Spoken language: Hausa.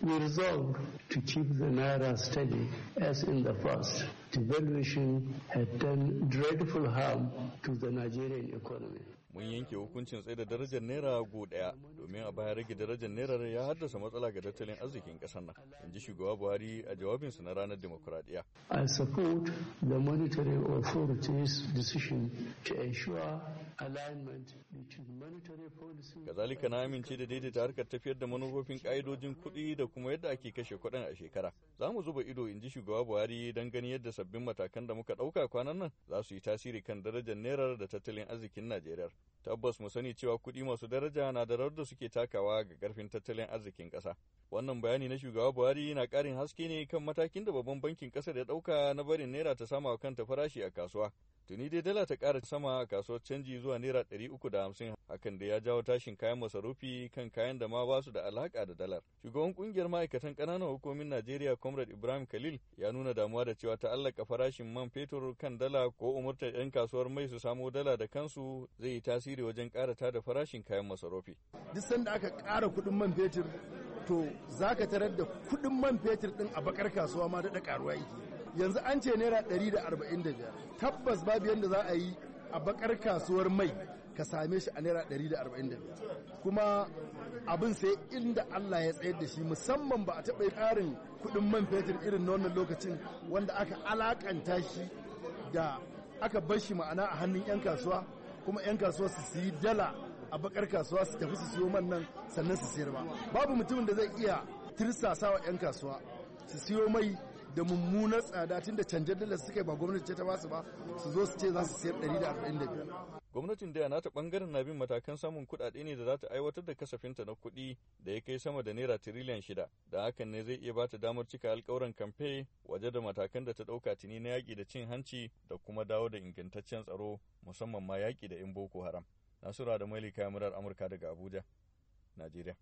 We resolved to keep the Naira steady as in the past. federation had done dreadful harm to the Nigerian economy. Mun yanke hukuncin tsaye da darajar naira go daya domin a baya rage darajar naira ya haddasa matsala ga tattalin arzikin ƙasar nan, in ji shugaba Buhari a jawabinsa na ranar demokuraɗiyya. I support the monetary authorities decision to ensure alignment between monetary policy. Kazalika na amince da daidaita harkar tafiyar da manufofin ka'idojin kuɗi da kuma yadda ake kashe kuɗin a shekara. Za mu zuba ido in ji shugaba Buhari don ganin yadda sabbin matakan da muka ɗauka kwanan nan za su yi tasiri kan darajar nerar da tattalin arzikin Najeriya. tabbas mu sani cewa kuɗi masu daraja na da rawar da suke takawa ga karfin tattalin arzikin ƙasa. Wannan bayani na shugaba Buhari na karin haske ne kan matakin da babban bankin ƙasar ya ɗauka na barin naira ta sama kanta farashi a kasuwa. Tuni dai dala ta ƙara sama a kasuwar canji zuwa naira ɗari uku da hamsin hakan da ya jawo tashin kayan masarufi kan kayan da ma basu da alaƙa da dalar. Shugaban ƙungiyar ma'aikatan ƙananan hukumin Najeriya Comrade Ibrahim Khalil ya nuna damuwa da cewa ta allaka farashin man fetur kan dala ko umurtar 'yan kasuwar mai su samo dala da kansu zai yi tasiri tasiri wajen ƙara tada farashin kayan masarufi. Duk sanda aka ƙara kuɗin man fetur to za ka tarar da kuɗin man fetur ɗin a bakar kasuwa ma daɗa ƙaruwa yake. Yanzu an ce naira ɗari da arba'in da biyar. Tabbas babu yadda za a yi a bakar kasuwar mai ka same shi a naira da da arba'in biyar. kuma abin sai inda Allah ya tsayar da shi musamman ba a taɓa yi ƙarin kuɗin man fetur irin na wannan lokacin wanda aka alakanta shi da aka bar shi ma'ana a hannun 'yan kasuwa kuma 'yan kasuwa su siyi dala a bakar kasuwa su tafi su siyo man nan sannan su siyar ba babu mutumin da zai iya tirsasawa 'yan kasuwa su siyo mai da mummunar tsada tun da canjar da suka yi ba gwamnati ce ta basu ba su zo su ce za su siyar biyu gwamnatin da nata bangaren na bin matakan samun kuɗaɗe ne da za ta aiwatar da kasafinta na kuɗi da ya kai sama da naira tiriliyan shida da hakan ne zai iya bata damar cika alƙawuran kamfe waje da matakan da ta ɗauka tuni na yaƙi da cin hanci da kuma dawo da ingantaccen tsaro musamman ma yaƙi da 'yan boko haram nasura da mailika murar amurka daga abuja najeriya